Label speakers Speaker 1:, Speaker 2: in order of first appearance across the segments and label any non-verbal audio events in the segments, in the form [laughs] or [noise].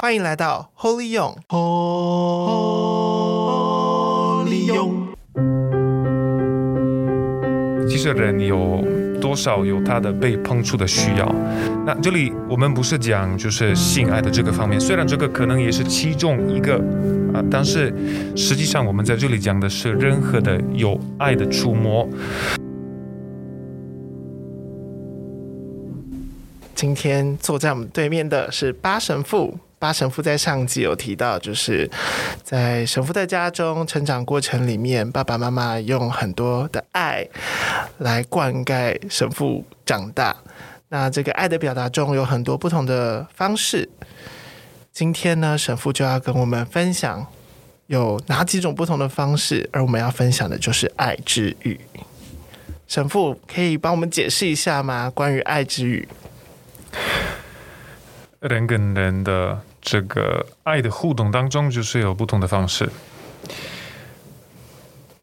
Speaker 1: 歡迎來到 Holy Yong。Holy Yong。
Speaker 2: 其實人有多少有他的被碰觸的需要？那這裡我們不是講就是性愛的這個方面，雖然這個可能也是其中一個啊，但是實際上我們在這裡講的是任何的有愛的觸摸。
Speaker 1: 今天坐在我們對面的是巴神父。巴神父在上集有提到，就是在神父的家中成長過程裡面，爸爸媽媽用很多的愛來灌溉神父長大。那這個愛的表達中有很多不同的方式。今天呢，神父就要跟我們分享有哪幾種不同的方式，而我們
Speaker 2: 要分享的就是愛之語。
Speaker 1: 神父可以幫我們解釋一下嗎？關於愛之語，
Speaker 2: 人跟人的。這個愛的互動當中，就是有不同的方式。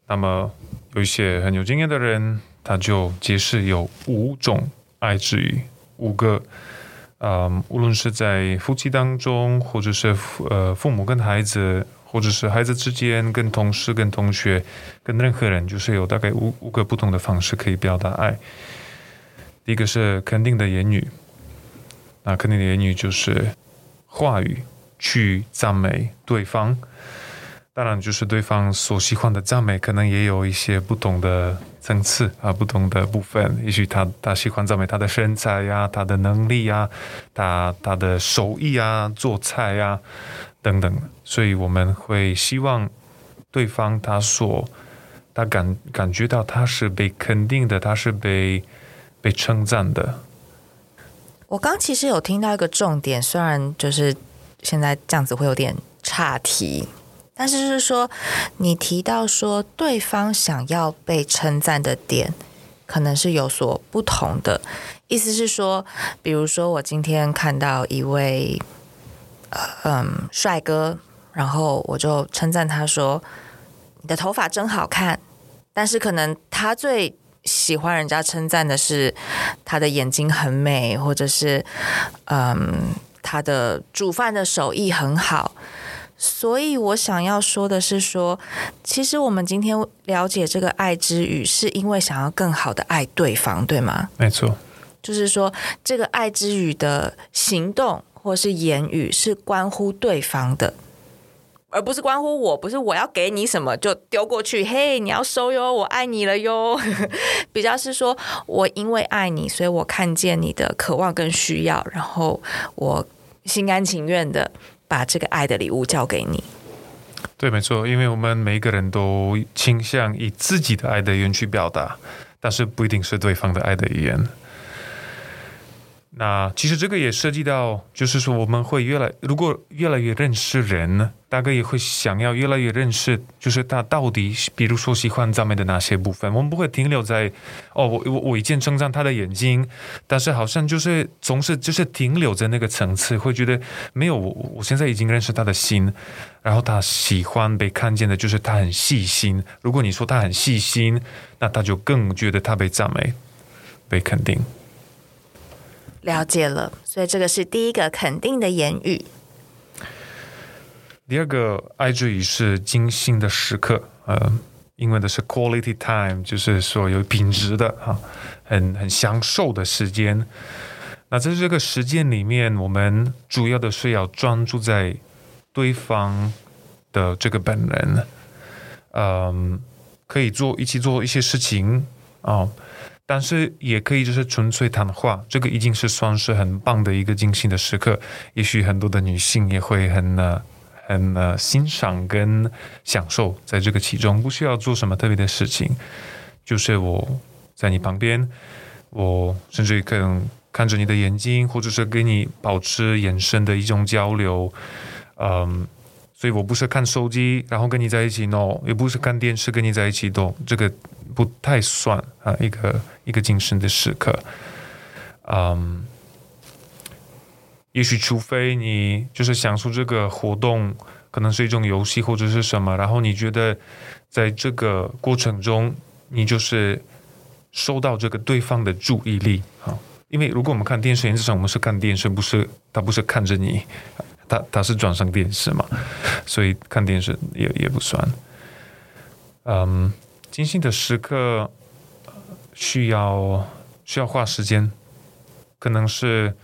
Speaker 2: 那麼，有一些很有經驗的人，他就解釋有五種愛之語，五個，嗯，無論是在夫妻當中，或者是呃父母跟孩子，或者是孩子之間、跟同事、跟同學、跟任何人，就是有大概五五個不同的方式可以表達愛。第一個是肯定的言語，那肯定的言語就是。話語去讚美對方，當然就是對方所喜歡的讚美，可能也有一些不同的層次啊、呃，不同的部分。也許他他喜歡讚美他的身材呀、啊，他的能力呀、啊，他他的手藝啊，做菜呀、啊，等等。所以我們會希望對方他所他感感覺到他是被肯定的，他是被被稱讚的。
Speaker 1: 我剛其實有聽到一個重點，雖然就是現在這樣子會有點岔題，但是就是說你提到說對方想要被稱讚的點可能是有所不同的，意思是說，比如說我今天看到一位嗯、呃、帥哥，然後我就稱讚他說，你的頭髮真好看，但是可能他最。喜歡人家稱讚的是他的眼睛很美，或者是嗯，他的煮飯的手藝很好。所以我想要說的是說，說其實我們今天了解這個愛之語，是因為想要更好的愛對方，對嗎？沒錯，就是說這個愛之語的行動或是言語是關乎對方的。而不是關乎我，不是我要給你什麼就丟過去。嘿，你要收喲，我愛你了喲。 [laughs] 比較是說，我因為愛你，所以我看見你的渴望跟需要，然後我心甘情願的把這個愛的禮物交給你。
Speaker 2: 對，沒錯，因為我們每一個人都傾向以自己的愛的語言去表達，但是不一定是對方的愛的語言。那其實這個也涉及到，就是說我們會越來，如果越來越認識人呢，大概也會想要越來越認識，就是他到底，比如說喜歡讚美的哪些部分，我們不會停留在，哦，我我我一見稱讚他的眼睛，但是好像就是總是就是停留在那個層次，會覺得沒有我，我現在已經認識他的心，然後他喜歡被看見的，就是他很細心。如果你說他很細心，那他就更覺得他被讚美，被肯定。
Speaker 1: 了解了，所以這個是第一個肯定的言語。
Speaker 2: 第二個，愛之語是精心的時刻，呃，英文的是 quality time，就是說有品質的哈、啊，很很享受的時間。那在這個時間裡面，我們主要的是要專注在對方的這個本人，嗯，可以做一起做一些事情啊。但是也可以就是純粹談話，這個已經是算是很棒的一個精心的時刻。也許很多的女性也會很呢、呃，很呃欣賞跟享受在這個其中，不需要做什麼特別的事情，就是我在你旁邊，我甚至可以看着你的眼睛，或者是跟你保持眼神的一種交流，嗯。所以我不是看手機，然後跟你在一起弄，也不是看電視跟你在一起動，這個不太算啊，一個一個精心的時刻。嗯，也許除非你就是享受這個活動，可能是一種遊戲或者是什麼，然後你覺得在這個過程中，你就是收到這個對方的注意力啊。因為如果我們看電視，實際上我們是看電視，不是他不是看着你，他他是轉上電視嘛。所以看電視也也不算，嗯，精心的時刻需要需要花時間，可能是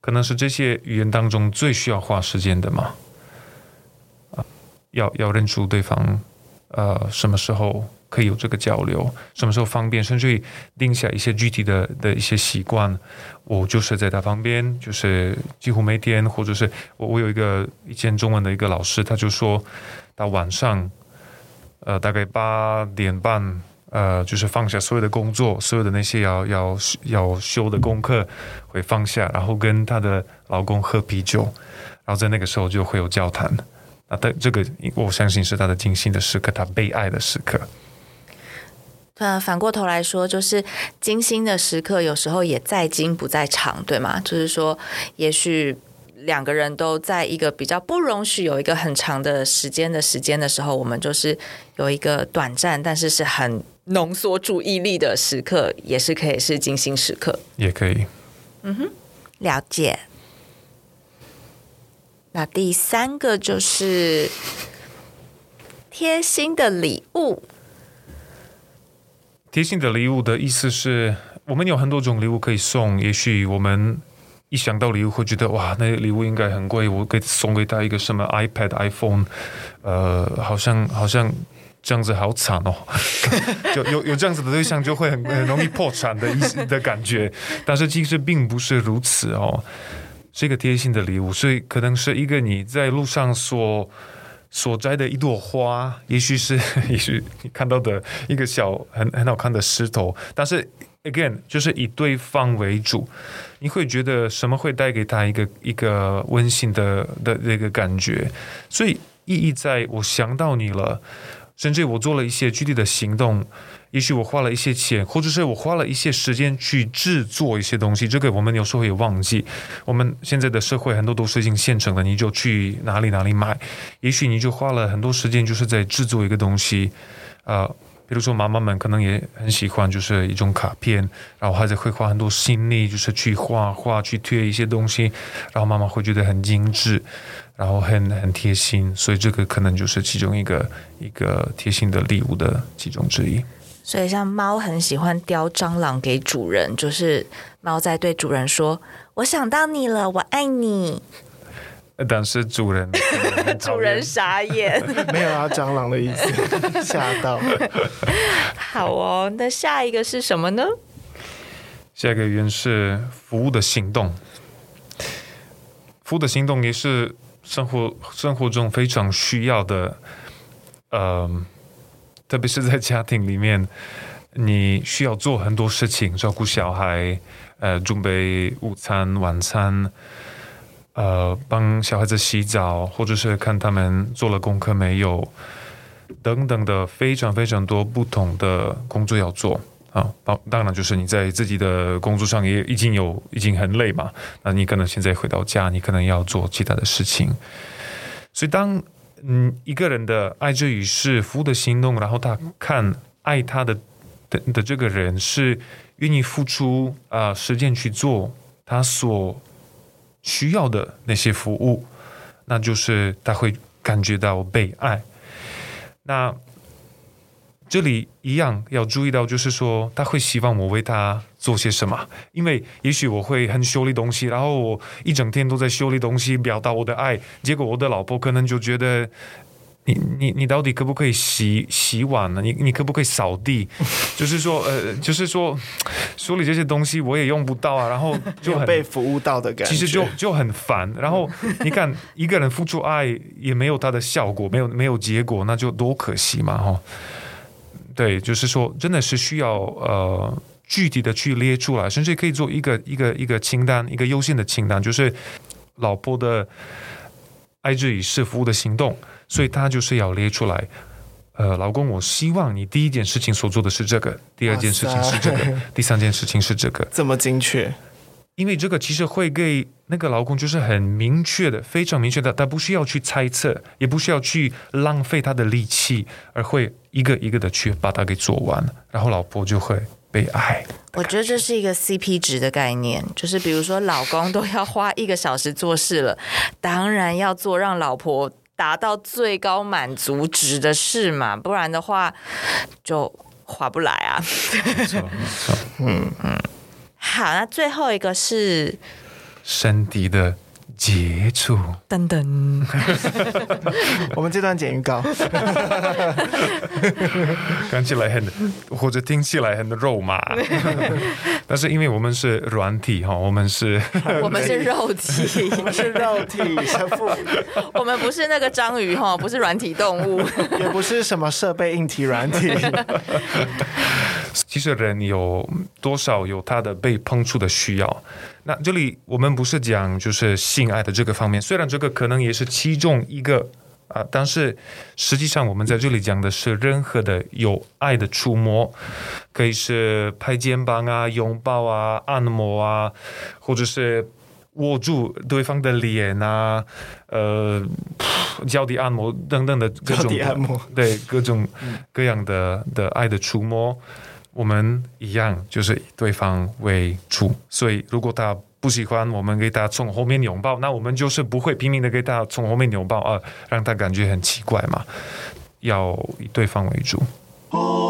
Speaker 2: 可能是這些語言當中最需要花時間的嘛，啊，要要認出對方，呃，什麼時候。可以有這個交流，什麼時候方便，甚至於定下一些具體的的一些習慣。我就是在他旁邊，就是幾乎每天，或者是我我有一個以前中文的一個老師，他就說到晚上，呃，大概八點半，呃，就是放下所有的工作，所有的那些要要要修的功課會放下，然後跟他的老公喝啤酒，然後在那個時候就會有交談。那但這個我相信是他的精心的時刻，他被愛的時刻。
Speaker 1: 嗯，反過頭來說，就是精心的時刻，有時候也在精不在長，對嗎？就是說，也許兩個人都在一個比較不容許有一個很長的時間的時間的時候，我們就是有一個短暫，但是是很濃縮注意力的時刻，也是可以是精心時刻。也可以。嗯哼，了解。那第三個就是貼心的禮物。
Speaker 2: 貼心的禮物的意思是，我們有很多種禮物可以送，也許我們一想到禮物會覺得哇，那個禮物應該很貴，我給送給他一個什麼 iPad、iPhone，呃，好像好像這樣子好慘哦， [laughs] 就有有這樣子的對象就會很很容易破產的意思的感覺，但是其實並不是如此哦，是一個貼心的禮物，所以可能是一個你在路上說，所摘的一朵花，也許是，也許你看到的一個小很很好看的石頭，但是 again 就是以對方為主，你會覺得什麼會帶給他一個一個溫馨的的那、這個感覺，所以意義在我想到你了，甚至我做了一些具體的行動。也許我花了一些錢，或者是我花了一些時間去制作一些東西。這個我們有時候也忘記。我們現在的社會很多都是已經現成的，你就去哪裡哪裡買。也許你就花了很多時間，就是在制作一個東西。啊、呃，比如說媽媽們可能也很喜歡，就是一種卡片，然後孩子會花很多心力，就是去畫畫、去貼一些東西，然後媽媽會覺得很精致，然後很很貼心。所以這個可能就是其中一個一個貼心的禮物的其中之一。
Speaker 1: 所以，像貓很喜歡叼蟑螂給主人，就是貓在對主人說：“我想到你了，我愛你。”
Speaker 2: 但是主
Speaker 1: 人， [laughs] 主人傻眼。
Speaker 2: [laughs] 沒有啊，蟑螂的意思嚇 [laughs] 到了。
Speaker 1: 好哦，那下一個是什麼呢？
Speaker 2: 下一個原因是“服務的行動”。服務的行動也是生活生活中非常需要的，嗯、呃。特別是在家庭裡面，你需要做很多事情，照顧小孩，呃，準備午餐、晚餐，呃，幫小孩子洗澡，或者是看他們做了功課沒有，等等的非常非常多不同的工作要做啊。當然就是你在自己的工作上也已經有已經很累嘛，那你可能現在回到家，你可能要做其他的事情，所以當。嗯，一個人的愛之語是服務的行動，然後他看愛他的的的這個人是願意付出啊、呃，時間去做他所需要的那些服務，那就是他會感覺到被愛。那。這裡一樣要注意到，就是說他會希望我為他做些什麼，因為也許我會很修理東西，然後我一整天都在修理東西，表達我的愛，結果我的老婆可能就覺得，你你你到底可不可以洗洗碗呢？你你可不可以掃地？ [laughs] 就是說呃，就是說修理這些東西我也用不到啊，然後就 [laughs] 被
Speaker 1: 服務到的感覺，其實就
Speaker 2: 就很煩。然後你看 [laughs] 一個人付出愛也沒有他的效果，沒有沒有結果，那就多可惜嘛哈。對，就是說，真的是需要呃具體的去列出來，甚至可以做一個一個一個清單，一個優先的清單，就是老婆的愛之語是服務的行動，所以他就是要列出來。呃，老公，我希望你第一件事情所做的是這個，第二件事情是這個，啊、第三件事情是這個。這麼精確，因為這個其實會給那個老公就是很明確的，非常明確的，他不需要去猜測，也不需要去浪費他的力氣，而會。一個一個的去把它給做完了，然後老婆就會被愛。
Speaker 1: 我覺得這是一個 CP 值的概念，就是比如說老公都要花一個小時做事了， [laughs] 當然要做讓老婆達到最高滿足值的事嘛，不然的話就划不來啊。 [laughs] 沒錯，嗯嗯。好，那最後一個是
Speaker 2: 身體的。接觸
Speaker 1: 等等，登登
Speaker 2: [laughs]
Speaker 1: 我們這段剪預告，
Speaker 2: 聽 [laughs] [laughs] 起來很，或者聽起來很肉麻， [laughs] 但是因為我們是軟體哈，我們是， [laughs] 我們是肉體，我們是肉體，
Speaker 1: 我們不是那個章魚哈，不是軟體動物，
Speaker 2: [laughs] 也不是什麼設備硬體軟體。 [laughs] 其實人有多少有他的被碰觸的需要？那這裡我們不是講就是性愛的這個方面，雖然這個可能也是其中一個啊，但是實際上我們在這裡講的是任何的有愛的觸摸，可以是拍肩膀啊、擁抱啊、按摩啊，或者是握住對方的臉啊、呃、呃腳底按摩等等的各種的按摩，對各種各樣的、嗯、的愛的觸摸。我們一樣，就是以對方為主，所以如果他不喜歡，我們給他從後面擁抱，那我們就是不會拼命的給他從後面擁抱啊，讓他感覺很奇怪嘛。要以對方為主。哦。